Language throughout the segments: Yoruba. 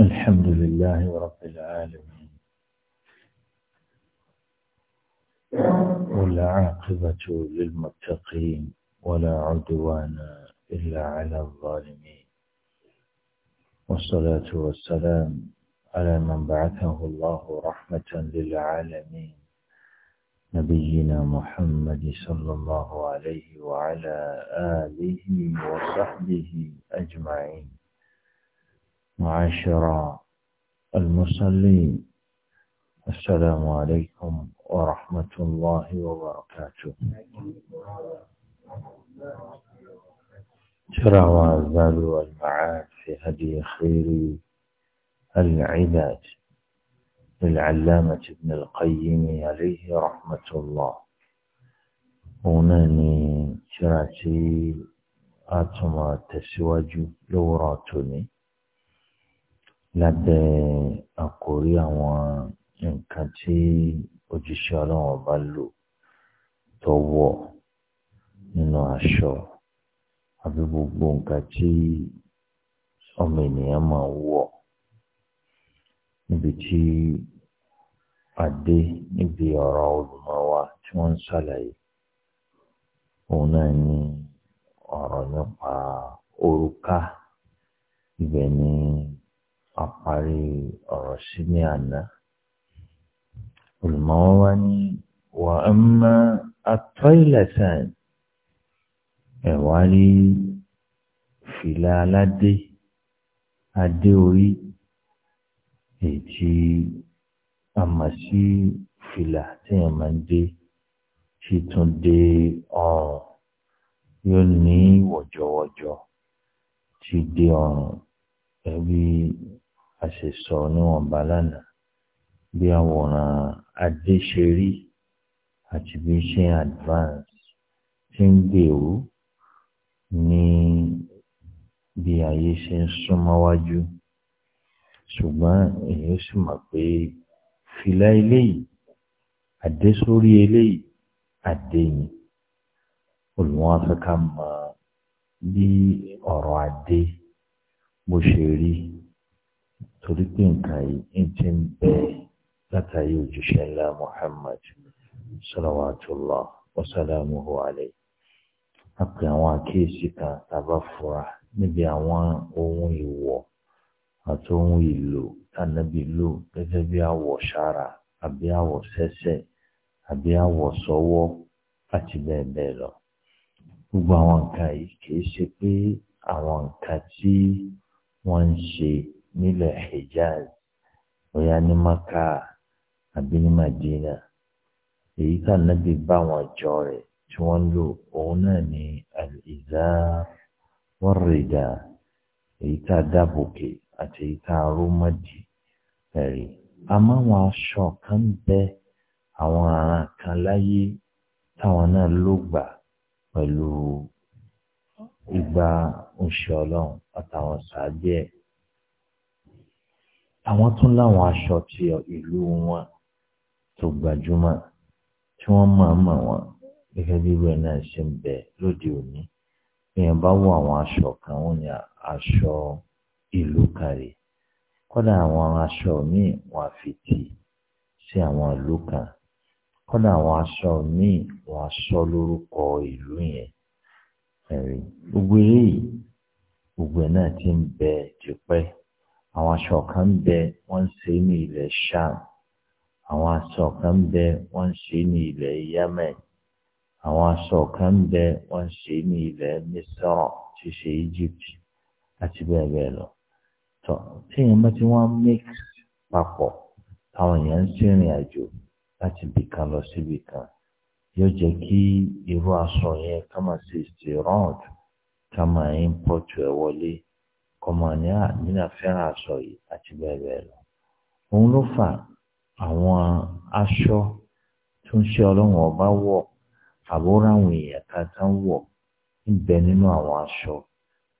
الحمد لله رب العالمين والعاقبة للمتقين ولا عدوان إلا على الظالمين والصلاة والسلام على من بعثه الله رحمة للعالمين نبينا محمد صلى الله عليه وعلى آله وصحبه أجمعين معاشر المصلين السلام عليكم ورحمة الله وبركاته شرع والبال والمعاد في هدي خير العباد للعلامة ابن القيم عليه رحمة الله هنا شرعتي أتما تسواج لوراتني lábẹ́ àkórí àwọn nǹkan tí òjíṣẹ́ ọlọ́run ọba lò tó wọ̀ nínú aṣọ àbí gbogbo nǹkan tí ọmọ ènìyàn máa wọ̀ níbi tí adé níbi ọ̀rọ̀ olùmọ̀ tí wọ́n ń ṣàlàyé òun náà ọ̀rọ̀ nípa òrùka ni. àparí ọ̀rọ̀ sí ní àná. Olùmọ̀wọ́ wá ní wà á mọ atọ́ ìlẹ̀sàn ẹ̀wá rí fìlà aládé adé orí èyí tí a mọ̀ sí fìlà tí èèyàn máa ń dé sì tún dé ọrùn yóò ní wọ̀jọ̀wọ̀jọ̀ ti dé ọrùn ẹbí a ṣe sọ níwọ̀nba lánàá bí àwòrán adé ṣe rí àti bí ṣe advance ti ń gbèrú ní bí ayé ṣe ń súnmọ́ wájú ṣùgbọ́n èyí sì mọ̀ pé fìlà eléyìí àdé sórí eléyìí àdé yìí olùwọ́n afẹ́ká mọ bí ọ̀rọ̀ adé bó ṣe rí torí pé nǹkan yìí ń ti ń bẹ látàrí òjíṣẹ́ ńlá Muhammad salawatullah wasalamuhu alayhi a pè àwọn àkíyèsí kan tàbá fura níbi àwọn ohun ìwọ̀ àti ohun ìlò tànàbí lò gẹ́gẹ́ bí àwọ̀ sára àbí àwọ̀ sẹ́sẹ̀ àbí àwọ̀ sọ́wọ́ àti bẹ́ẹ̀ bẹ́ẹ̀ gbogbo àwọn nǹkan yìí kì ṣe pé àwọn nǹkan nílẹ̀ Hijaz bóyá ní Maka àbí ní Madina èyí tá nàbí bá wọn jọ rẹ̀ tí wọ́n lò òun náà ní al-izar war èyí tá dábòkè àti èyí tá rómọdì ẹ̀rí àmọ́ wọn aṣọ kan bẹ àwọn aràn kan láyé táwọn náà ló gbà pẹ̀lú àwọn tún láwọn aṣọ ti ìlú wọn tó gbajúmọ̀ tí wọ́n máa mọ̀ wọ́n gẹ́gẹ́ bí ìwé náà ṣe ń bẹ lóde òní èèyàn bá wọ àwọn aṣọ kan wọ́n ní aṣọ ìlú kàrí kódà àwọn aṣọ míì wọ́n fi tì sí àwọn ìlú kan kódà àwọn aṣọ míì wọ́n á lórúkọ ìlú yẹn ẹ̀rí gbogbo eléyìí gbogbo ẹ̀ náà ti ń bẹ tipẹ́ àwọn aṣọ kan bẹ wọ́n ṣe ní ilẹ̀ sham àwọn aṣọ kan bẹ wọ́n ṣe ní ilẹ̀ yemen àwọn aṣọ kan bẹ wọ́n ṣe ní ilẹ̀ misra ti ṣe egypt àti bẹ́ẹ̀ bẹ́ẹ̀ lọ tọ́ téèyàn bá ti wọ́n mix papọ̀ táwọn èèyàn ń ṣèrìn àjò láti ibì kan lọ síbì kan yóò jẹ́ kí irú aṣọ yẹn ká máa ṣe ìṣèrànjú ká máa ń pọ̀jù ẹ̀ wọlé kọmọ ní àdínà fẹ́ràn aṣọ yìí àti bẹ́ẹ̀ bẹ́ẹ̀ lọ. òun ló fà àwọn aṣọ tó ń ṣe ọlọ́run ọba wọ̀ àbúrò àwọn èèyàn kata ń wọ̀ níbẹ̀ nínú àwọn aṣọ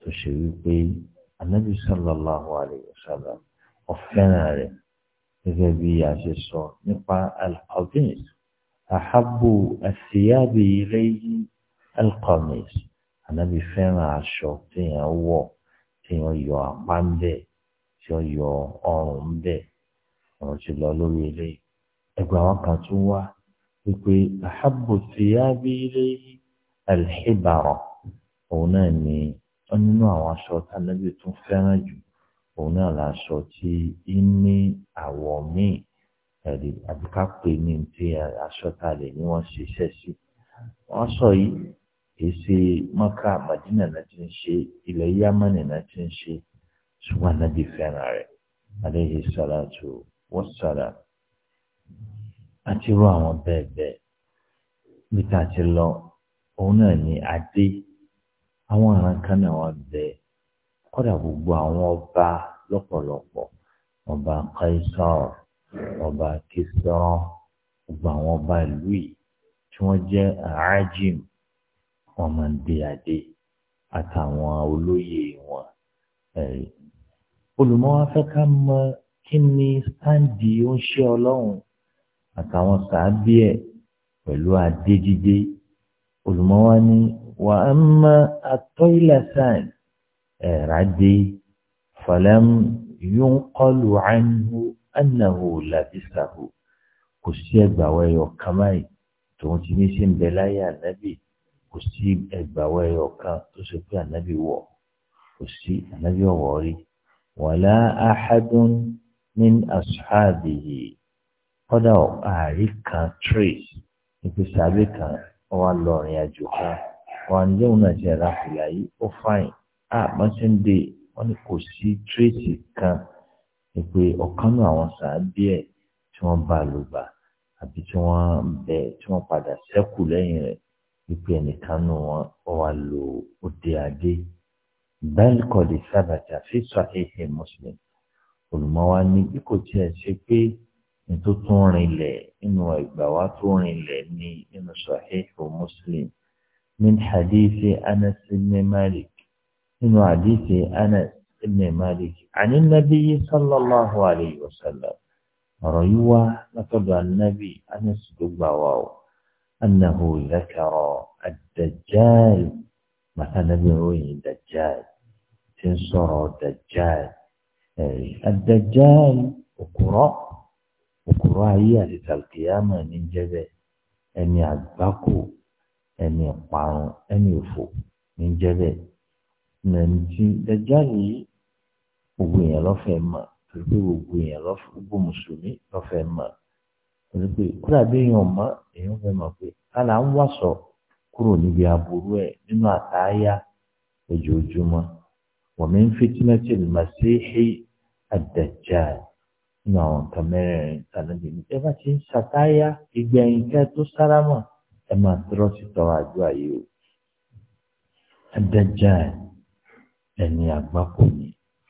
tó ṣe wípé anabi sallallahu alayhi wa sallam ọ̀fẹ́ràn rẹ̀ gẹ́gẹ́ bí a ṣe sọ nípa alqamis ahabu asiyabi ilayhi alqamis anabi fẹ́ràn aṣọ téèyàn wọ̀ tí wọ́n yọ apá ń bẹ̀ tí wọ́n yọ ọrùn ń bẹ̀ ọ̀rọ̀ ti lọ lórí ilé ẹgbẹ́ àwọn kan tún wá wípé àhábò tí á alhibara òun náà ni wọ́n nínú àwọn aṣọ tánábì tún fẹ́ràn jù òun náà láṣọ tí í ní àwọ̀ míì ẹ̀rí àbíká pé ní ti aṣọ tá a lè ní wọ́n ṣiṣẹ́ sí wọ́n sọ yìí èsì mọ́kà màdínà náà ti ń ṣe ilẹ̀ yámánì náà ti ń ṣe ṣùgbọ́n ànábì fẹ́ràn rẹ̀ alayhi salatu wassalam àti irú àwọn bẹ́ẹ̀ bẹ́ẹ̀ níta ti lọ òun náà ni adé àwọn àrùn kan náà wà bẹ́ẹ̀ kódà gbogbo àwọn ọba lọ́pọ̀lọpọ̀ ọba Kaisar ọba Kisra gbogbo àwọn ọba ìlú yìí tí wọ́n jẹ́ àájìm wọ́n máa ń dé adé àtàwọn olóyè wọn. olùmọ̀ wa fẹ́ ká mọ kí ni sáǹdì ó ń ṣe ọlọ́run àtàwọn sàábì ẹ̀ pẹ̀lú adé jíjé olùmọ̀ wa ní wà á mọ àtọ́ìlà sáǹ ẹ̀rá dé fàlẹ́m yóò kọlù àánú ànàhù làbísàhù kò sí ẹgbàá wẹ̀yọ̀ kàmáì tòun ti ní sí ń bẹ láyé ànábì kò sí ẹgbàwọ ẹyọ kan tó ṣe pé ànábì wọ kò sí ànábì ọwọ rí wàlá ahadun min ashabihi kódà ààrí kan trace ìpèsè abẹ kan wọn lọ rìn àjò kan wọn ní òun náà ṣe ra fìlà yìí ó fàìn á wọn ń de wọn ni kò sí trace kan ìpè ọ̀kan náà àwọn sàábì ẹ tí wọn bá lò àbí tí wọn bẹ tí wọn padà ṣẹ́kù lẹ́yìn rẹ̀ wípé ẹnìkan nù wọn ó wá lo òde adé bẹ́ẹ̀ kọ́dé sábàtà fi sahihi Muslim olùmọ́wá ní bí kò tiẹ̀ ṣe pé ètò tó rinlẹ̀ nínú ìgbà wa tó rinlẹ̀ ní nínú sahihi Muslim min hadithi Anas ibn Malik nínú hadithi Anas ibn Malik àní nabiyyi sallallahu alayhi wa sallam ọ̀rọ̀ yìí wá látọ̀dọ̀ Anas gbogbo àwa o. أنه ذكر الدجال مثلا بروي الدجال تنصر الدجال الدجال أقرأ أقرأ هي القيامة من جبل أن يعبقوا أن يقعوا أن يفوا من جبل من دجال أبوين لفهم أبوين لفهم أبو مسلمي لفهم pẹ̀lú pé kódà bí èèyàn mọ́ èèyàn fẹ́ mọ̀ pé kálá ń wàṣọ kúrò níbi aburú ẹ̀ nínú àtàyà ojoojúmọ́ wa min fitnati al-masihi ad-dajjal nínú àwọn nǹkan mẹ́rẹ̀ẹ̀rin tàbí ní ẹ bá ti ń ṣàtàyà ìgbẹ̀yìn kẹ́ tó sára mọ̀ ẹ máa tọrọ sí tọrọ àdúrà yìí o ad ẹni àgbákò ni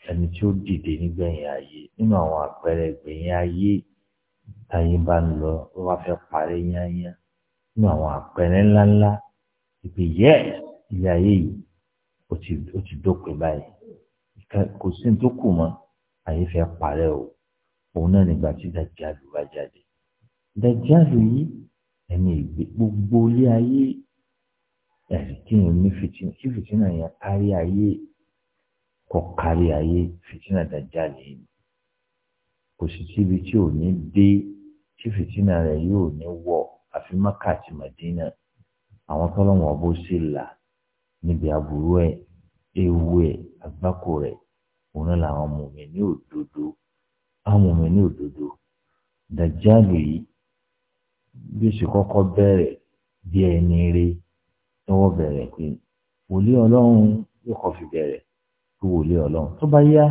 ẹni tí ó dìde nígbẹ̀yìn ayé nínú àwọn àpẹẹrẹ ìgbẹ̀yìn ayé táyé bá ń lọ ó wá fẹ́ parí yányá nínú àwọn àpẹẹrẹ ńláńlá ìpè yẹ ilé ayé yìí ó ti ó ti dópin báyìí kò sí ní tó kù mọ́ ayé fẹ́ parẹ́ o òun náà nígbà tí dàjálù bá jáde dàjálù yìí ẹni ìgbé gbogbo ilé ayé ẹ̀rí kí ni ní fìtínà kí fìtínà yẹn kárí ayé kọ kárí ayé fìtínà dàjálù yìí kò sí síbi tí ò ní dé tí fìtínà rẹ̀ yóò ní wọ̀ àfi Mákà àti Màdínà àwọn tọ́lọ́wọ́n bó sì là níbi aburú ẹ̀ ewu ẹ̀ àgbákò rẹ̀ òun náà làwọn mùmínì òdodo àwọn mùmínì òdodo dàjálù yìí bí oṣù kọ́kọ́ bẹ̀rẹ̀ bí ẹni rí lọ́wọ́ bẹ̀rẹ̀ pé wòlíì ọlọ́run yóò kọ́ fi bẹ̀rẹ̀ tó wòlíì ọlọ́run tó bá yá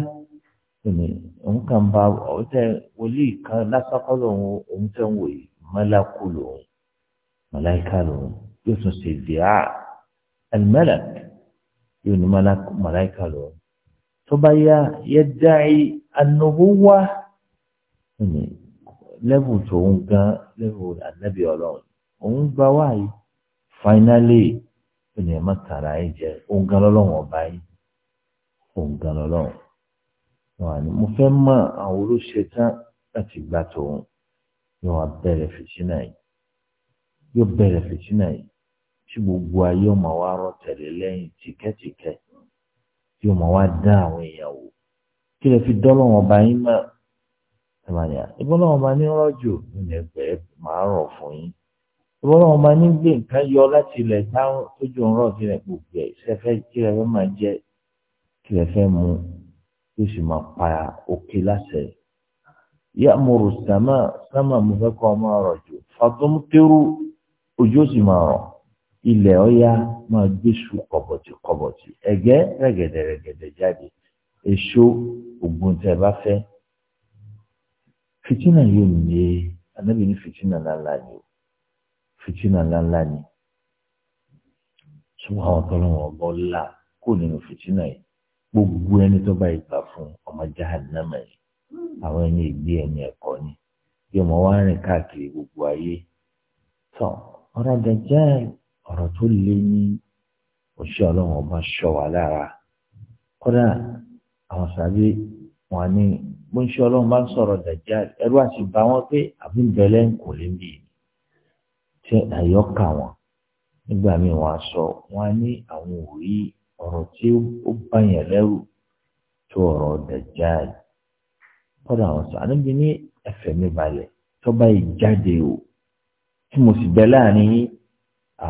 ìní nǹkan bá ọtẹ wòlíì kan lásàkọ́ lòun òun tẹ̀ ń wò yìí mọ́lákù lòun mọ́láìka lòun yóò tún ṣe dìá alimẹ́lẹ̀k yóò ní mọ́láìka lòun tó bá yá yẹ dáì anubuwa ìní lẹ́bù tó ń gan lẹ́bù ànábì ọlọ́run òun gba wáyé finally ìní ẹ̀ má ẹ̀ jẹ́ òun gan lọ́lọ́run ọba yìí òun gan lọ́lọ́run wọn ni mo fẹ́ mọ àwọn olóṣètán láti gbà tòun yóò wá bẹ̀rẹ̀ fìtínà yìí yóò bẹ̀rẹ̀ fìtínà yìí tí gbogbo ayé ọmọ wa rọ tẹ̀lé lẹ́yìn tìkẹ́tìkẹ́ tí ọmọ wa dá àwọn èèyàn wò kí lè fi dọ́lọ́ wọn bá yín mọ́ ẹ̀mọ̀nìyà ìbọ́lọ́ wọn bá ní rọ́jò ilẹ̀ bẹ́ẹ̀ máa rọ̀ fún yín ìbọ́lọ́ wọn bá ní gbé nǹkan yọ láti ilẹ̀ táwọn tójú ń rọ̀ sílẹ̀ gbogbo ẹ̀ ṣẹ́fẹ́ kí lè fẹ́ máa jẹ kí lè fẹ́ mu yóò sì máa pa òkè láṣẹ yàmùrù sàmà sàmà mo fẹ́ kọ́ ọmọ máa rọ̀ ilẹ̀ kọ̀bọ̀tì kọ̀bọ̀tì ẹ̀gẹ́ rẹ̀gẹ̀dẹ̀ rẹ̀gẹ̀dẹ̀ jáde èso ògùn tẹ́ bá fẹ́ yóò anábì ní ńláńlá ni o ńláńlá ni ṣùgbọ́n àwọn tọ́lọ́wọ́n ọgbọ́n ńlá kò nínú gbogbo ẹni tó bá ìgbà fún ọmọ jahannama yìí àwọn ẹni ìgbé ẹni ẹ̀kọ́ ni yóò mọ wá rìn káàkiri gbogbo ayé tọ ọ̀rọ̀ dẹjẹ́ ọ̀rọ̀ tó lé ní òṣìṣẹ́ ọlọ́run ọba ṣọ́ wa lára kódà àwọn sàbí wọn ní bó ń ṣe ọlọ́run bá ń sọ̀rọ̀ dẹjẹ́ ẹrú àti bá wọn pé àbí bẹ́lẹ́ ń kò lé ṣe àyọkà wọn nígbà míì wọn á wọn á ní àwọn òrí ọ̀rọ̀ tí ó bàyàn lẹ́rù tó ọ̀rọ̀ Dajjal kọ́dà àwọn sọ àníbi ní ẹ̀fẹ̀ mi balẹ̀ tó bá yìí jáde o tí mo sì bẹ láàrin yín à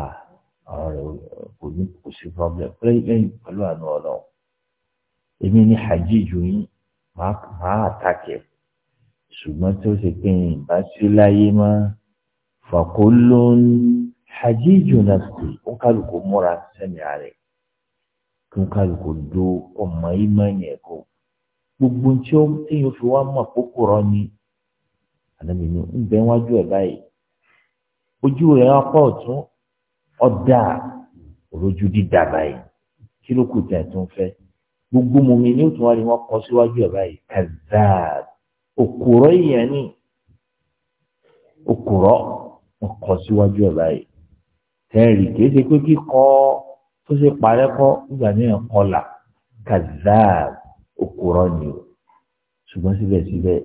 ọ̀rọ̀ rẹ̀ kò ní kò sí problem lẹ́yìn pẹ̀lú àánú ọlọ́run èmi ní hajj ju yín màá àtàkẹ́ ṣùgbọ́n tí ó ṣe pé ìbá sí láyé mọ́ fàkó ló ń hajj ju náà sí ó kálukú múra sẹ́mi àárẹ̀. fún kálukú do ọmọ ìmọ̀nyẹ kó gbogbo tí ó téèyàn fi wá mọ̀ rọ ni ní ń bẹ wájú ẹ̀ báyìí ojú rẹ̀ apá ọ̀tún ọ̀dà òrojú dídà báyìí kí ló tó ń fẹ́ gbogbo mòmí wá ni wọ́n kọ́ síwájú ẹ̀ báyìí kàzá òkúrọ̀ ìyẹn ni òkúrọ̀ wọ́n kọ́ síwájú ẹ̀ tó ṣe parẹ́ kọ́ ìgbà mìíràn kọlà kazab òkúrọ́ ni o ṣùgbọ́n síbẹ̀síbẹ̀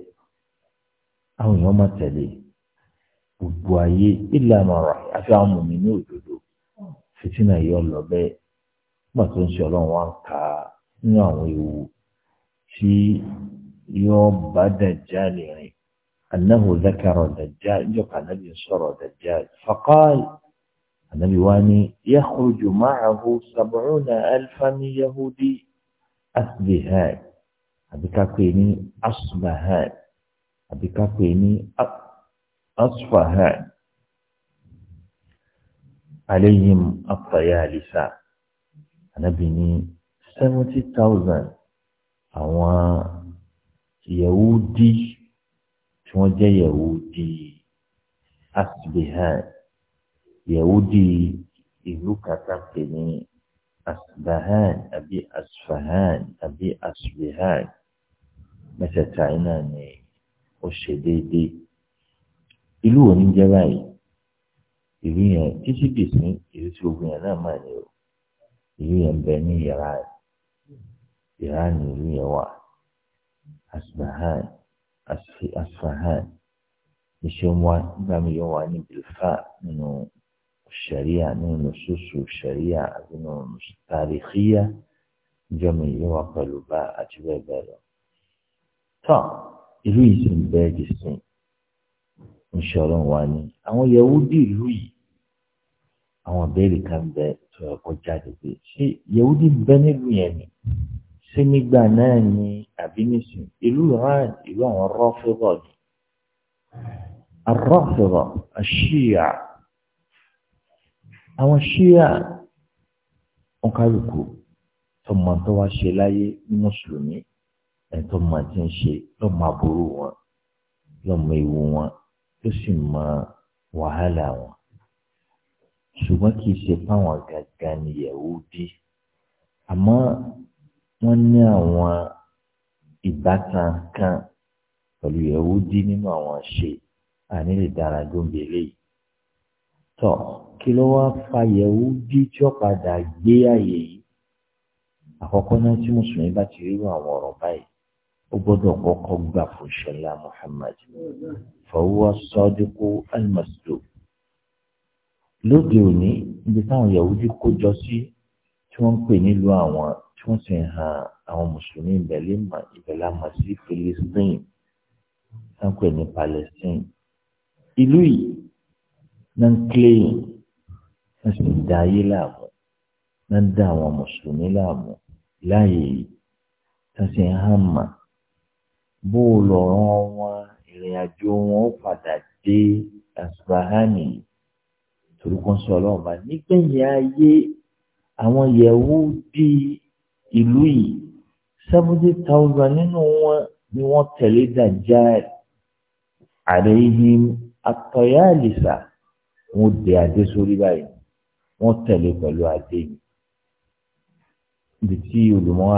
àwọn èèyàn máa tẹ̀lé gbogbo ayé ìlànà ọ̀rọ̀ àfi àwọn mùmí ní òdodo fìtínà yìí ọ̀lọ́ bẹ́ẹ̀ nígbà tó ń ṣe ọlọ́run wá ń ka nínú àwọn ewu tí yóò bá dàjà lè anáhùn zákàrọ̀ dàjà ìjọba náà lè sọ̀rọ̀ dàjà fàkàlì. النبي واني يخرج معه سبعون ألفا يهودي من يهودي أسبهات أبكاكيني أصبهات أبكاكيني أصفهات عليهم الطيالسة النبي ني 70,000 àwọn أو يهودي شو jẹ́ yahudi asbihan yahudi ìlú kata pè ní asbahan àbí asfahan àbí asbihan mẹ́tẹ̀ẹ̀ta iná ni ó ṣe déédéé ìlú wo ní jẹ́ báyìí ìlú yẹn títí dì sí ìlú tí ogun yẹn náà máa ní o ìlú yẹn bẹ ní iran iran ní ìlú yẹn wà asbahan asfahan ìṣe wa nígbà mi yóò wà ní bilfa nínú. الشريعة من نصوص الشريعة من نصوص التاريخية جميع وقلوبا أجبال بلو تا ìlú yìí sì ń bẹ ẹdì sìn ìṣòro wa ni àwọn yahudi ìlú yìí àwọn béèrè kan bẹ tó ẹkọ jáde pé ṣé yahudi bẹ nílùú yẹn ni ṣé nígbà náà ni àbí nísìn ìlú iran ìlú àwọn rọfẹbọ ni arọfẹbọ àṣìyà àwọn ṣíà ọ̀kárùkù tó mọ tó wá ṣe láyé ní mùsùlùmí ẹ̀ tó mọ tí ń ṣe ló mọ aburú wọn ló mọ ewu wọn tó sì mọ wàhálà wọn ṣùgbọ́n kì í ṣe fáwọn gangan ni Yẹhudi àmọ́ wọ́n ní àwọn ìbátan kan pẹ̀lú Yẹhudi nínú àwọn ṣe àní lè dára gómìnà eléyìí tọ̀ kí ló wá fàyẹ̀wò bí tí ó padà gbé àyè yìí àkọ́kọ́ náà tí mùsùlùmí bá ti rí àwọn ọ̀rọ̀ báyìí ó gbọ́dọ̀ kọ́kọ́ gbà fún ṣẹlá Muhammad fọwọ́ sọ́dúnkù alimọ̀sídò lóde òní ibi táwọn Yahudi kójọ sí tí wọ́n ń pè nílùú àwọn tí wọ́n sì ń han àwọn mùsùlùmí ìbẹ̀lẹ̀ ìbẹ̀lẹ̀ àmọ́ sí Palestine táwọn pè ní Palestine ìlú yìí náà ń kílèyìn wọ́n sì ń da ayé láàmú náà ń da àwọn mùsùlùmí láàmú láàyè yìí wọ́n sì ń hàn mà bó o lọ́rọ̀ wọn ìrìn àjò wọn ó padà dé asubahani torúkọ sọ ọlọ́run bá nígbẹ̀yìn ayé àwọn yẹ̀wò di ìlú yìí seventy thousand nínú wọn ni wọ́n tẹ̀lé dàjáàlì àrẹ yìí àtọ̀yàlìsà wọ́n dé adé sórí báyìí wọ́n tẹ̀lé pẹ̀lú adé yìí ibi tí olùmọ́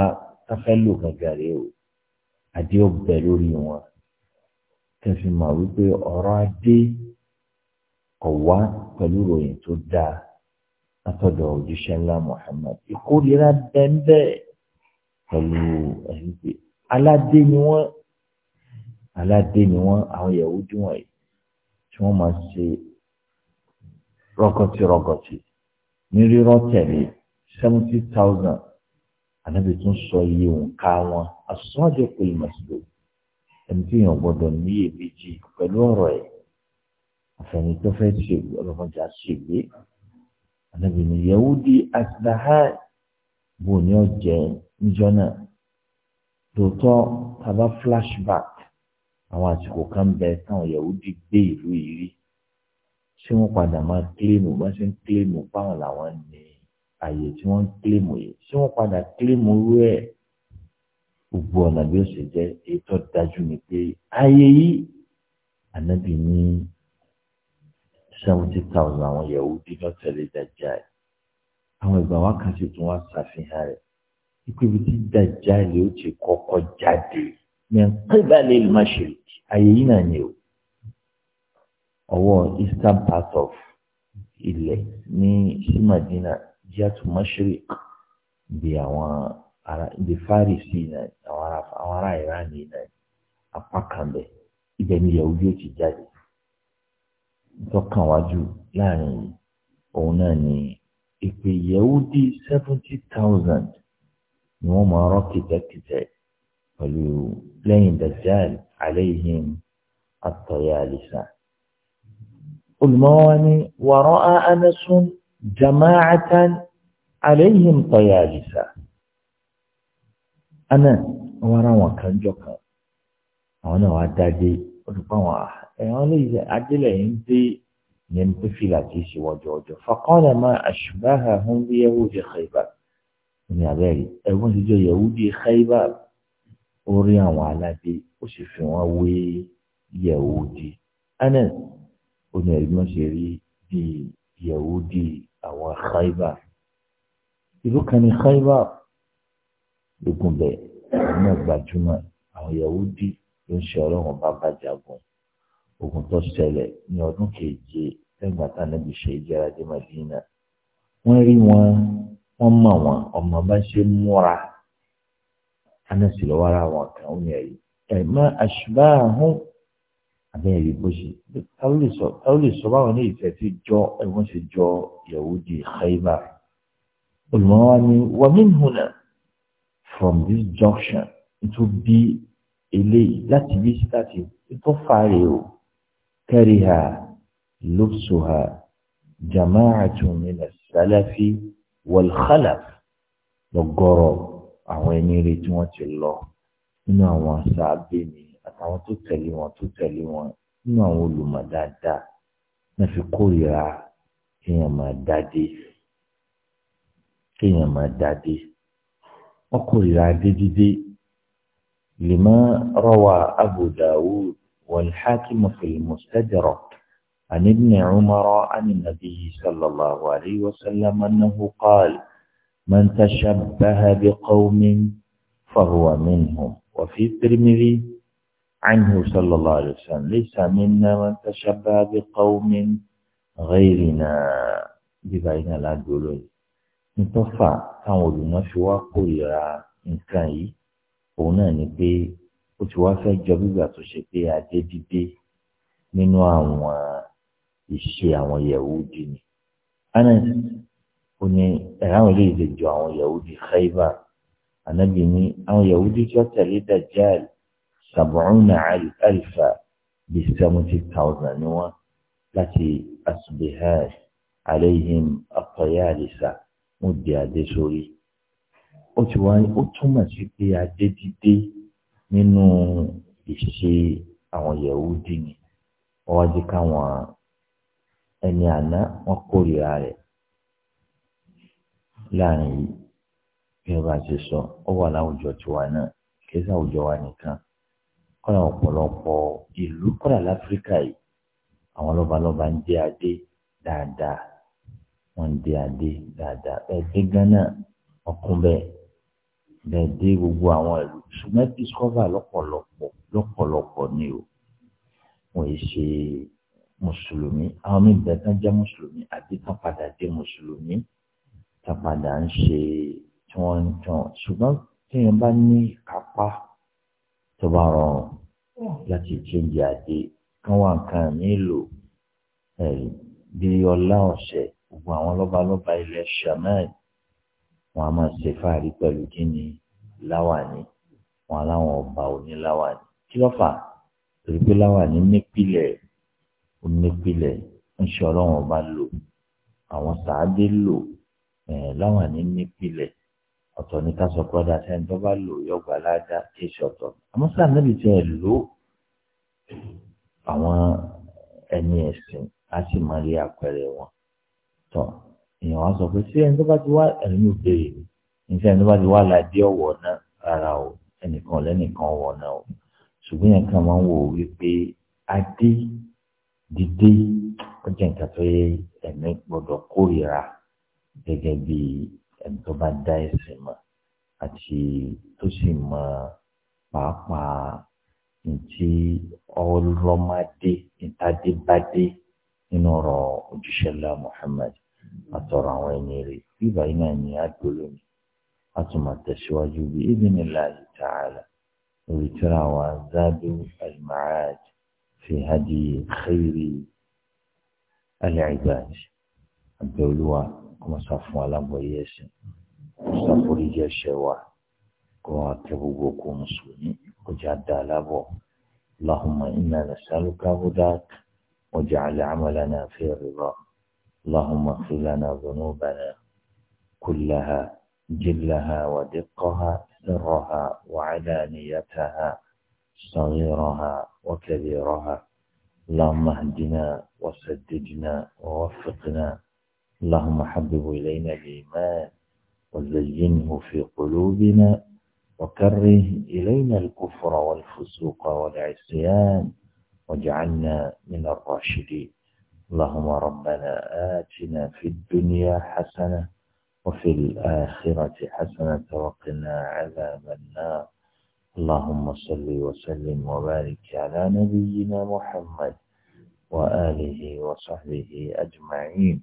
afẹ́ lò gàgà rèé o adé ó bẹ̀ lórí wọn kẹfì mọ̀ wípé ọ̀rọ̀ adé ọ̀wá pẹ̀lú ròyìn tó dáa látọ̀dọ̀ òjíṣẹ́ ńlá Muhammad ìkórira bẹ́ẹ̀ pẹ̀lú ẹ̀yìn aládé ni wọ́n aládé ni wọ́n àwọn yahoo dùn wọ̀nyí tí wọ́n máa ṣe rọgọtì rọgọtì ní rírọ tẹ̀lé seventy thousand ànábì tún sọ iye òǹkà wọn asọ́jọ́ pé ìmọ̀sílò ẹni tí èèyàn gbọ́dọ̀ ní èméjì pẹ̀lú ọ̀rọ̀ ẹ̀ àfẹ̀yìn tó fẹ́ ṣe ọlọ́mọdé àṣègbè ànábì ní yahudi asilaha bò ní ọ̀jẹ̀ níjọ́ náà tòótọ́ tàbá flashback àwọn àsìkò kan bẹ táwọn yahudi gbé ìlú yìí rí tí wọ́n padà máa kílèmù bá ṣe ń kílèmù fáwọn làwọn ní àyè tí wọ́n ń kílèmù yìí tí wọ́n padà kílèmù rú ẹ̀ gbogbo ọ̀nà bí ó ṣe jẹ́ èyí tó dájú ni pé ayé yìí ànábì ní seventy thousand àwọn Yahudi ló tẹ̀lé Dajjal àwọn ìgbà wa kan sì tún wá ṣàfihàn rẹ̀ ikú ibi tí Dajjal ó ti kọ́kọ́ jáde ní ẹ̀ńpẹ́ balẹ̀ ìlú máṣe ayé yìí náà ni o ọwọ́ eastern part of ilẹ̀ ní simadina jihatu mashriq bí àwọn ará ibi farisi náà àwọn ará iran yìí náà apá kan bẹ ibẹ̀ ni yahudi ó ti jáde tọkàn wájú láàrin yìí òun náà ni ìpè yahudi seventy thousand ni wọ́n máa rọ́ kìtẹ́kìtẹ́ pẹ̀lú lẹ́yìn dajjal alayhim atọ́yà àlìsàn olùmọ́wá ní wàrọ́ anasun jamaatan alayhim tayalisa ana wọn ara wọn kan jọ kan àwọn náà wàá dáadé olùkọ́ àwọn ah, ẹ̀wọ̀n lè yẹ adélẹ̀ yìí ń dé yẹn tó fi làtí ṣe wọ́jọ́ ọjọ́ faqala ma ashbahahum bi yahudi Khaybar ní abẹ́rẹ́ ẹ̀wọ́n ti jọ yahudi Khaybar ó rí àwọn aládé ó sì fi wọ́n wé yahudi anas ó ní ẹ̀rí náà ṣe rí bí Yahudi àwọn Khaibar ìlú kan ní Khaibar lógun bẹ́ẹ̀ ẹ̀rí náà gbajúmọ̀ àwọn Yahudi ló ń ṣe ọlọ́run bá bá jagun ogun tó ṣẹlẹ̀ ní ọdún keje lẹ́gbàá tá níbi ṣe ìjẹ́ra dé Madina wọ́n rí wọn wọ́n mọ̀ wọn ọmọ bá ṣe múra anásìlọ́wọ́ ara wọn kàn ó ní ẹ̀rí ẹ̀ má àṣùbà àhún àbẹ́yẹn rí bó ṣe ó lè sọ báwọn ní ìfẹ́ tí jọ ẹ̀wọ̀n ṣe jọ Yahudi Khaybar olùmọ̀wá ni wa min huna from this junction tó bí eléyìí láti bí sítáàtì tó fàárẹ̀ o kariha lubsuha jama'atun min as-salafi wal khalaf lọ́gọ́rọ̀ àwọn ẹni rẹ̀ tí wọ́n ti lọ nínú àwọn sábẹ́ nìyí àtàwọn tó tẹ̀lé wọn tó tẹ̀lé wọn nínú àwọn olùmọ̀ dáadáa náà fi kórìíra kéèyàn máa dáadé kéèyàn máa dáadé wọn kórìíra dédédé lima rawa abu dawud والحاكم في المستدرك عن ابن عمر عن النبي صلى الله عليه وسلم أنه قال من تشبه بقوم فهو منهم وفي الترمذي عنه صلى الله عليه وسلم ليس منا من تشبه بقوم غيرنا ببعين لا دولوي nítọ́fà táwọn olùmọ̀ fi wá kórìíra nǹkan yìí òun náà ni pé ó ti wá fẹ́ jọ gbígbà tó ṣe pé adé dídé nínú àwọn ìṣe àwọn yahudi ni anas ó ní ẹ̀ráwọn ilé ìdè jọ àwọn yahudi khaiba anabi ní àwọn yahudi tí wọ́n tẹ̀lé dajjal sàbọ̀nà alifa bíi seventy thousand ni wọ́n láti asubihaj aleyhim akọyàlisa wọ́n di adé sórí ó ti wá ó túmọ̀ sí pé adé dídé nínú ìṣe àwọn yahudi ni wọ́n wá jẹ́ káwọn ẹni àná wọ́n kórìíra rẹ̀ láàrin yìí bí wọ́n bá ti sọ ó wà láwùjọ tiwa náà kì í sáwùjọ wa nìkan kọ́ra ọ̀pọ̀lọpọ̀ ìlú kọ́ra láfíríkà yìí àwọn lọ́balọ́ba ń dé adé dáadáa wọ́n ń dé adé dáadáa bẹ́ẹ̀ dé Ghana ọkùn bẹ́ẹ̀ bẹ́ẹ̀ dé gbogbo àwọn ìlú ṣùgbọ́n discover lọ́pọ̀lọpọ̀ lọ́pọ̀lọpọ̀ ni o wọ́n yìí ṣe mùsùlùmí àwọn míì bẹ́ẹ̀ tán jẹ́ mùsùlùmí àti tán padà dé mùsùlùmí tán padà ń ṣe tí wọ́n ń tàn ṣùgbọ́n tí bá ní kápá tó bá rọrùn láti chíńjì àdé kán wà nǹkan nílò bí ọlá ọ̀sẹ̀ gbogbo àwọn lọ́balọ́ba ilẹ̀ shaman wọn a máa ṣe fáàrí pẹ̀lú kíni láwàní wọn aláwọn ọba òní láwàní kí ló fà torí pé láwàní nípìlẹ̀ onípìlẹ̀ ń ṣe ọlọ́wọ́n ọba lò àwọn sàádé lò láwàní nípìlẹ̀ ọ̀tọ̀ ní ká sọ pọ́dà sẹ́ni tó bá lò yọ gbà ládá tí ìṣe ọ̀tọ̀ àmọ́ sáà níbi tí ẹ lò àwọn ẹni ẹ̀sìn á sì máa rí àpẹẹrẹ wọn tọ̀ èèyàn wá sọ pé sí ẹni tó bá ti wá ẹ̀rín òbèrè ní sí ẹni tó bá ti wá ládé ọ̀wọ̀ náà rárá o ẹnìkan lẹ́nìkan ọ̀wọ̀ náà o ṣùgbọ́n yẹn kàn máa ń wò wípé adé dídé ó jẹ́ nǹkan tó yẹ ẹ̀mí gbọ́dọ̀ kórìíra gẹ́gẹ́ bíi ẹni tó bá dá ẹ̀sìn mọ̀ àti tó sì mọ̀ pàápàá ntí ọlọ́mọdé ntadébádé nínú ọ̀rọ̀ òjíṣẹ́ ńlá Muhammad àtọ̀rọ̀ àwọn ẹni rẹ̀ bíbá iná ni àgbélé mi àtúmọ̀ tẹ̀síwájú bí idhnillahi ta'ala lórí tíra wa Zadu al fi hadi khayri al-ibad àbẹ̀olúwa. kọmọsá fún alábọ̀yé ẹ̀sìn kọmọsá foríjì ẹ̀ṣẹ̀ wa kọ́ akẹ́ gbogbo kó mùsùlùmí kọjá dá alábọ̀ اللهم إنا نسألك هداك واجعل عملنا في رضاك اللهم اغفر لنا ذنوبنا كلها جلها ودقها سرها وعلانيتها صغيرها وكبيرها اللهم اهدنا وسددنا ووفقنا اللهم حبب إلينا الإيمان وزينه في قلوبنا وكره إلينا الكفر والفسوق والعصيان واجعلنا من الراشدين اللهم ربنا آتنا في الدنيا حسنة وفي الآخرة حسنة وقنا عذاب النار اللهم صل وسلم وبارك على نبينا محمد وآله وصحبه أجمعين